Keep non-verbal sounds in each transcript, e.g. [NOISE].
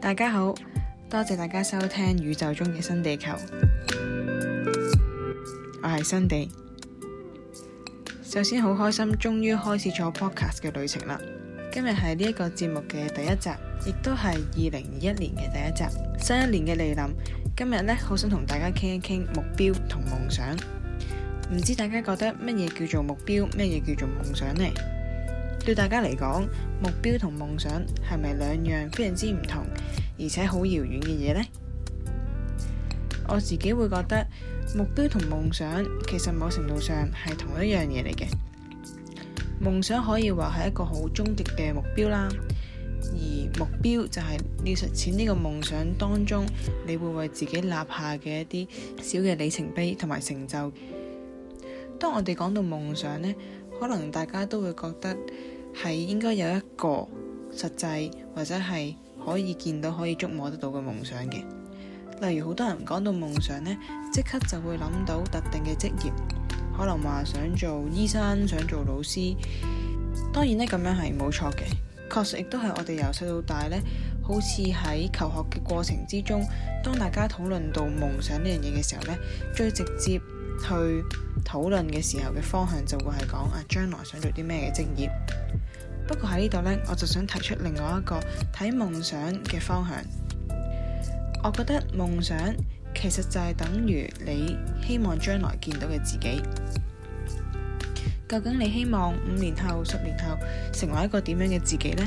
大家好，多謝大家收聽宇宙中嘅新地球，我係新地。首先好開心，終於開始咗 podcast 嘅旅程啦。今日係呢一個節目嘅第一集，亦都係二零二一年嘅第一集。新一年嘅嚟臨，今日呢，好想同大家傾一傾目標同夢想。唔知大家覺得乜嘢叫做目標，乜嘢叫做夢想呢？對大家嚟講，目標同夢想係咪兩樣非常之唔同，而且好遙遠嘅嘢呢？我自己會覺得，目標同夢想其實某程度上係同一樣嘢嚟嘅。夢想可以話係一個好終極嘅目標啦，而目標就係你實踐呢個夢想當中，你會為自己立下嘅一啲小嘅里程碑同埋成就。當我哋講到夢想呢。可能大家都會覺得係應該有一個實際，或者係可以見到、可以觸摸得到嘅夢想嘅。例如好多人講到夢想呢，即刻就會諗到特定嘅職業，可能話想做醫生，想做老師。當然呢，咁樣係冇錯嘅，確實亦都係我哋由細到大呢，好似喺求學嘅過程之中，當大家討論到夢想呢樣嘢嘅時候呢，最直接。去討論嘅時候嘅方向就會係講啊，將來想做啲咩嘅職業。不過喺呢度呢，我就想提出另外一個睇夢想嘅方向。我覺得夢想其實就係等於你希望將來見到嘅自己。究竟你希望五年後、十年後成為一個點樣嘅自己呢？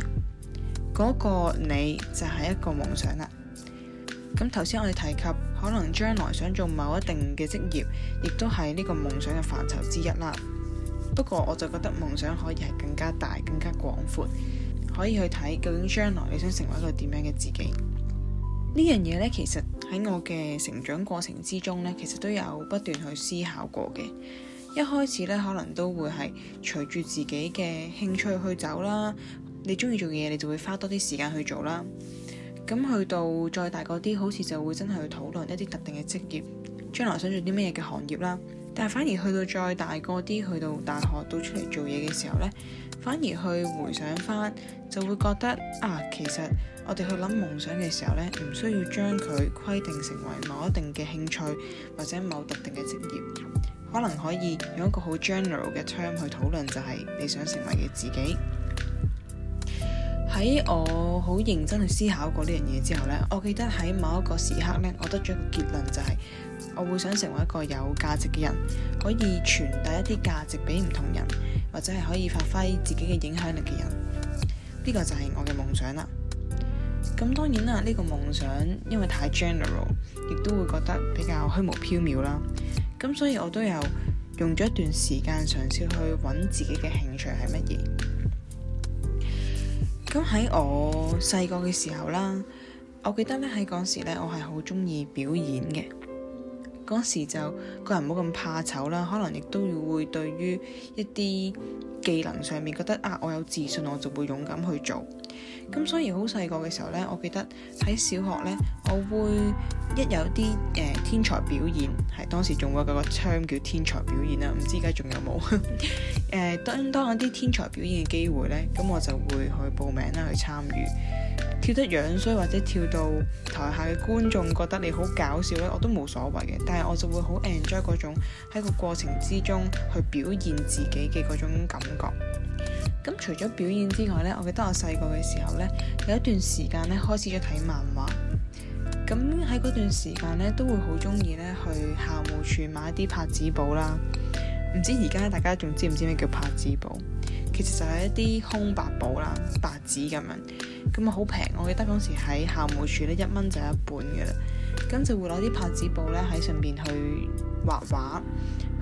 嗰個你就係一個夢想啦。咁頭先我哋提及，可能將來想做某一定嘅職業，亦都係呢個夢想嘅範疇之一啦。不過我就覺得夢想可以係更加大、更加廣闊，可以去睇究竟將來你想成為一個點樣嘅自己。呢樣嘢呢，其實喺我嘅成長過程之中呢，其實都有不斷去思考過嘅。一開始呢，可能都會係隨住自己嘅興趣去走啦。你中意做嘅嘢，你就會花多啲時間去做啦。咁去到再大個啲，好似就會真係去討論一啲特定嘅職業，將來想做啲咩嘅行業啦。但係反而去到再大個啲，去到大學到出嚟做嘢嘅時候呢，反而去回想翻，就會覺得啊，其實我哋去諗夢想嘅時候呢，唔需要將佢規定成為某一定嘅興趣或者某特定嘅職業，可能可以用一個好 general 嘅 term 去討論，就係你想成為嘅自己。喺我好認真去思考過呢樣嘢之後呢，我記得喺某一個時刻呢，我得咗一個結論，就是，就係我會想成為一個有價值嘅人，可以傳遞一啲價值俾唔同人，或者係可以發揮自己嘅影響力嘅人。呢、這個就係我嘅夢想啦。咁當然啦，呢、這個夢想因為太 general，亦都會覺得比較虛無縹緲啦。咁所以我都有用咗一段時間嘗試去揾自己嘅興趣係乜嘢。咁喺我細個嘅時候啦，我記得咧，喺嗰時咧，我係好鍾意表演嘅。嗰時就個人冇咁怕醜啦，可能亦都要會對於一啲技能上面覺得啊，我有自信，我就會勇敢去做。咁所以好細個嘅時候咧，我記得喺小學咧，我會一有啲誒、呃、天才表演。係當時仲有個個槍叫天才表演啦，唔知而家仲有冇？誒， [LAUGHS] 當當一啲天才表演嘅機會呢，咁我就會去報名啦，去參與，跳得樣衰或者跳到台下嘅觀眾覺得你好搞笑呢，我都冇所謂嘅。但係我就會好 enjoy 嗰種喺個過程之中去表現自己嘅嗰種感覺。咁除咗表演之外呢，我記得我細個嘅時候呢，有一段時間呢，開始咗睇漫畫。咁喺嗰段時間咧，都會好中意咧去校務處買一啲拍紙簿啦。唔知而家大家仲知唔知咩叫拍紙簿？其實就係一啲空白簿啦，白紙咁樣。咁啊好平，我記得嗰時喺校務處咧一蚊就一本嘅啦。咁就會攞啲拍紙簿咧喺上邊去畫畫，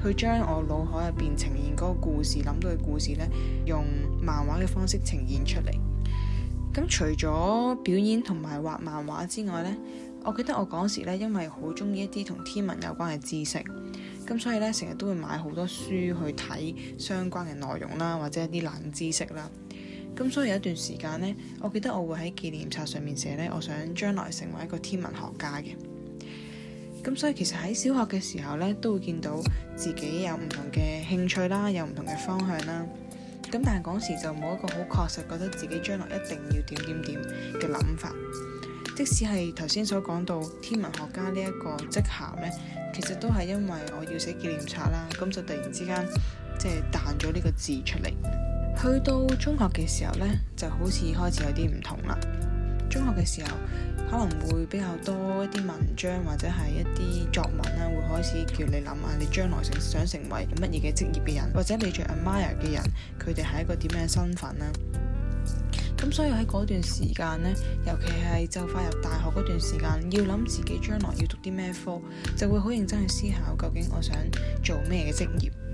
去將我腦海入邊呈現嗰個故事，諗到嘅故事咧，用漫畫嘅方式呈現出嚟。咁除咗表演同埋畫漫畫之外咧，我記得我嗰時咧，因為好中意一啲同天文有關嘅知識，咁所以咧成日都會買好多書去睇相關嘅內容啦，或者一啲冷知識啦。咁所以有一段時間咧，我記得我會喺紀念冊上面寫咧，我想將來成為一個天文學家嘅。咁所以其實喺小學嘅時候咧，都會見到自己有唔同嘅興趣啦，有唔同嘅方向啦。咁但係嗰時就冇一個好確實覺得自己將來一定要點點點嘅諗法。即使係頭先所講到天文學家呢一個職銜呢，其實都係因為我要寫紀念冊啦，咁就突然之間即係彈咗呢個字出嚟。去到中學嘅時候呢，就好似開始有啲唔同啦。中學嘅時候可能會比較多一啲文章或者係一啲作文啦，會開始叫你諗下你將來想，想成為乜嘢嘅職業嘅人，或者你最 admire 嘅人，佢哋係一個點樣嘅身份啦。咁所以喺嗰段時間呢，尤其係就快入大學嗰段時間，要諗自己將來要讀啲咩科，就會好認真去思考，究竟我想做咩嘅職業。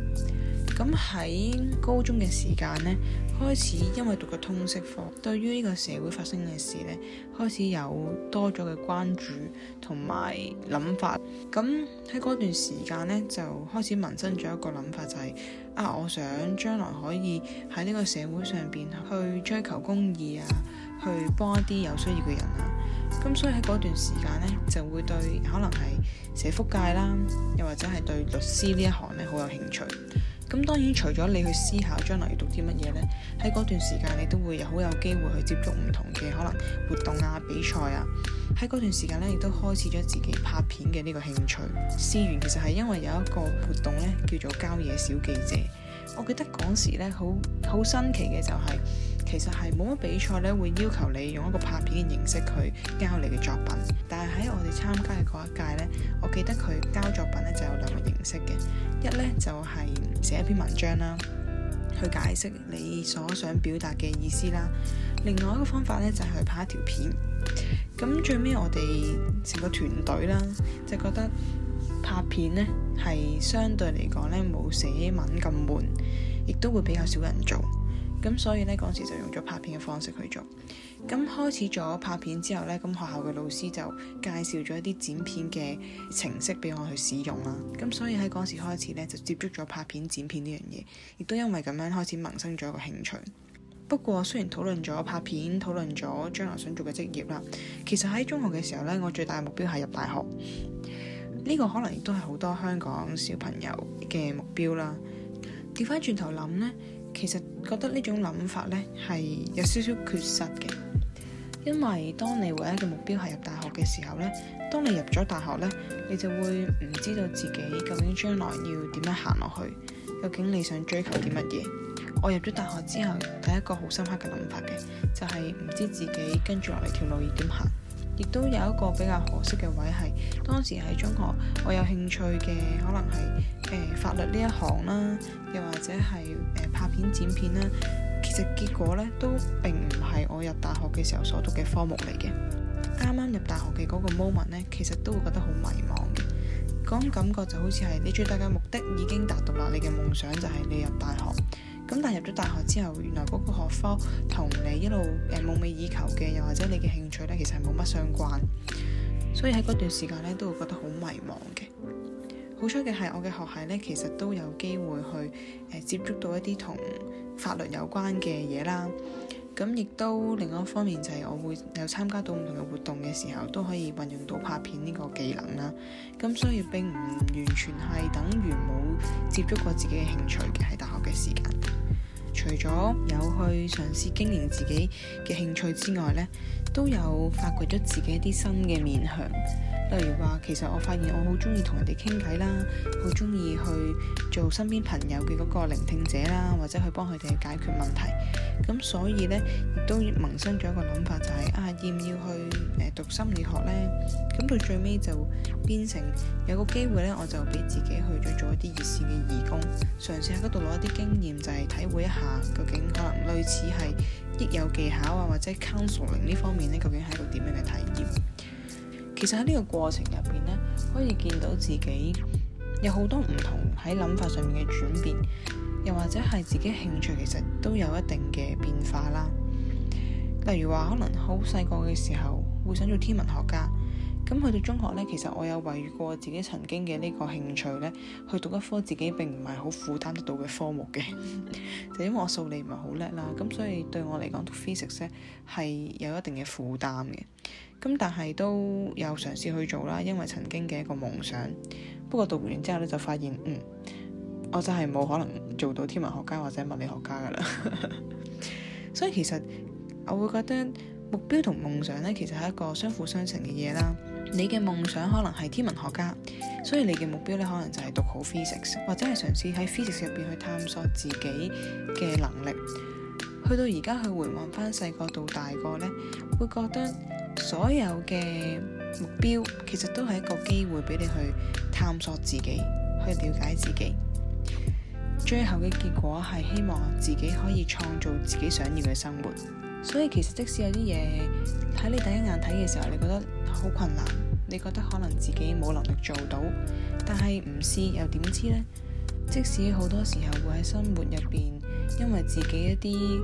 咁喺高中嘅時間呢，開始因為讀咗通識科，對於呢個社會發生嘅事呢，開始有多咗嘅關注同埋諗法。咁喺嗰段時間呢，就開始萌生咗一個諗法，就係、是、啊，我想將來可以喺呢個社會上邊去追求公義啊，去幫一啲有需要嘅人啊。咁所以喺嗰段時間呢，就會對可能係社福界啦，又或者係對律師呢一行呢，好有興趣。咁當然，除咗你去思考將來要讀啲乜嘢呢，喺嗰段時間你都會好有機會去接觸唔同嘅可能活動啊、比賽啊。喺嗰段時間咧，亦都開始咗自己拍片嘅呢個興趣。思源其實係因為有一個活動呢，叫做郊野小記者。我記得嗰時咧，好好新奇嘅就係、是，其實係冇乜比賽呢會要求你用一個拍片嘅形式去交你嘅作品。但係喺我哋參加嘅嗰一屆呢，我記得佢交作品呢就有兩個形式嘅。一咧就係寫一篇文章啦，去解釋你所想表達嘅意思啦。另外一個方法咧就係去拍一條片。咁最尾我哋成個團隊啦，就覺得拍片咧係相對嚟講咧冇寫文咁悶，亦都會比較少人做。咁所以咧，嗰時就用咗拍片嘅方式去做。咁開始咗拍片之後呢，咁學校嘅老師就介紹咗一啲剪片嘅程式俾我去使用啦。咁所以喺嗰時開始呢，就接觸咗拍片剪片呢樣嘢，亦都因為咁樣開始萌生咗一個興趣。不過雖然討論咗拍片，討論咗將來想做嘅職業啦，其實喺中學嘅時候呢，我最大嘅目標係入大學。呢個可能亦都係好多香港小朋友嘅目標啦。調翻轉頭諗呢。其實覺得呢種諗法呢係有少少缺失嘅，因為當你唯一嘅目標係入大學嘅時候呢，當你入咗大學呢，你就會唔知道自己究竟將來要點樣行落去，究竟你想追求啲乜嘢？我入咗大學之後，第一個好深刻嘅諗法嘅就係唔知自己跟住落嚟條路要點行。亦都有一個比較可惜嘅位係當時喺中學，我有興趣嘅可能係誒、呃、法律呢一行啦，又或者係誒、呃、拍片剪片啦。其實結果呢都並唔係我入大學嘅時候所讀嘅科目嚟嘅。啱啱入大學嘅嗰個 moment 呢，其實都會覺得好迷茫嘅。嗰種感覺就好似係你最大嘅目的已經達到喇，你嘅夢想就係你入大學。咁但入咗大學之後，原來嗰個學科同你一路誒、呃、夢寐以求嘅，又或者你嘅興趣咧，其實係冇乜相關，所以喺嗰段時間咧都會覺得好迷茫嘅。好彩嘅係，我嘅學系咧其實都有機會去誒、呃、接觸到一啲同法律有關嘅嘢啦。咁亦都另外一方面就係我會有參加到唔同嘅活動嘅時候，都可以運用到拍片呢個技能啦。咁所以並唔完全係等於冇接觸過自己嘅興趣嘅，喺大學嘅時間。除咗有去嘗試經營自己嘅興趣之外咧，都有發掘咗自己一啲新嘅面向。例如話，其實我發現我好中意同人哋傾偈啦，好中意去做身邊朋友嘅個聆聽者啦，或者去幫佢哋解決問題。咁所以咧，亦都萌生咗一個諗法，就係啊，要唔要去誒讀心理學咧？咁到最尾就變成有個機會咧，我就俾自己去咗做一啲熱線嘅義工，嘗試喺度攞一啲經驗，就係體會一下。究竟可能類似係益有技巧啊，或者 counseling 呢方面呢，究竟係一個點樣嘅體驗？其實喺呢個過程入邊呢，可以見到自己有好多唔同喺諗法上面嘅轉變，又或者係自己興趣其實都有一定嘅變化啦。例如話，可能好細個嘅時候會想做天文學家。咁去到中學呢，其實我有為過自己曾經嘅呢個興趣呢，去讀一科自己並唔係好負擔得到嘅科目嘅， [LAUGHS] 就因為我數理唔係好叻啦，咁所以對我嚟講讀 physics 呢係有一定嘅負擔嘅。咁但係都有嘗試去做啦，因為曾經嘅一個夢想。不過讀完之後呢，就發現，嗯，我就係冇可能做到天文學家或者物理學家噶啦。 [LAUGHS] 所以其實我會覺得目標同夢想呢，其實係一個相輔相成嘅嘢啦。你嘅夢想可能係天文學家，所以你嘅目標咧可能就係讀好 physics，或者係嘗試喺 physics 入邊去探索自己嘅能力。去到而家去回望翻細個到大個呢，會覺得所有嘅目標其實都係一個機會俾你去探索自己，去了解自己。最後嘅結果係希望自己可以創造自己想要嘅生活。所以其實即使有啲嘢，睇你第一眼睇嘅時候，你覺得好困難，你覺得可能自己冇能力做到，但係唔試又點知呢？即使好多時候會喺生活入邊，因為自己一啲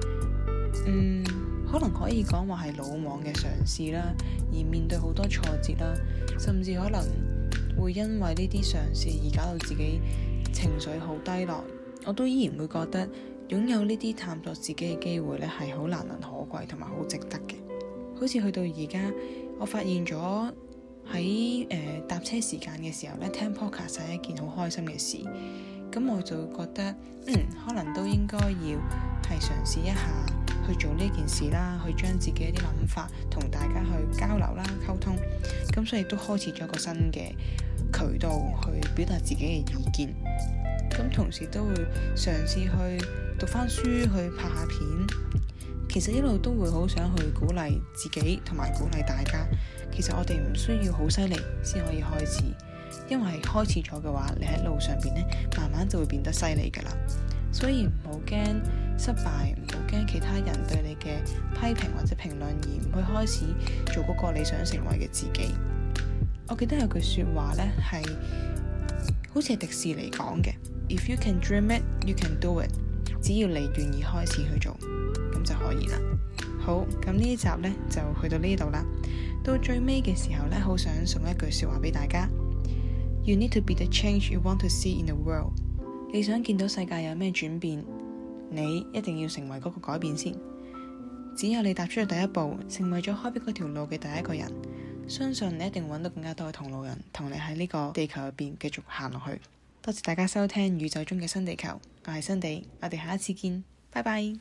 嗯，可能可以講話係魯莽嘅嘗試啦，而面對好多挫折啦，甚至可能會因為呢啲嘗試而搞到自己情緒好低落，我都依然會覺得。擁有呢啲探索自己嘅機會咧，係好難能可貴同埋好值得嘅。好似去到而家，我發現咗喺誒搭車時間嘅時候咧，聽 Podcast 係一件好開心嘅事。咁我就覺得，嗯，可能都應該要係嘗試一下去做呢件事啦，去將自己一啲諗法同大家去交流啦、溝通。咁所以都開始咗個新嘅渠道去表達自己嘅意見。咁同時都會嘗試去。讀返書去拍下片，其實一路都會好想去鼓勵自己，同埋鼓勵大家。其實我哋唔需要好犀利先可以開始，因為開始咗嘅話，你喺路上邊咧，慢慢就會變得犀利㗎喇。所以唔好驚失敗，唔好驚其他人對你嘅批評或者評論而唔去開始做嗰個你想成為嘅自己。我記得有句說話咧，係好似係迪士尼講嘅：If you can dream it, you can do it。只要你願意開始去做，咁就可以啦。好，咁呢一集呢，就去到呢度啦。到最尾嘅時候呢，好想送一句說話俾大家：You need to be the change you want to see in the world。你想見到世界有咩轉變，你一定要成為嗰個改變先。只有你踏出咗第一步，成為咗開闢嗰條路嘅第一個人，相信你一定搵到更加多嘅同路人，同你喺呢個地球入邊繼續行落去。多謝大家收聽《宇宙中嘅新地球》。我係新地，我哋下一次見，拜拜。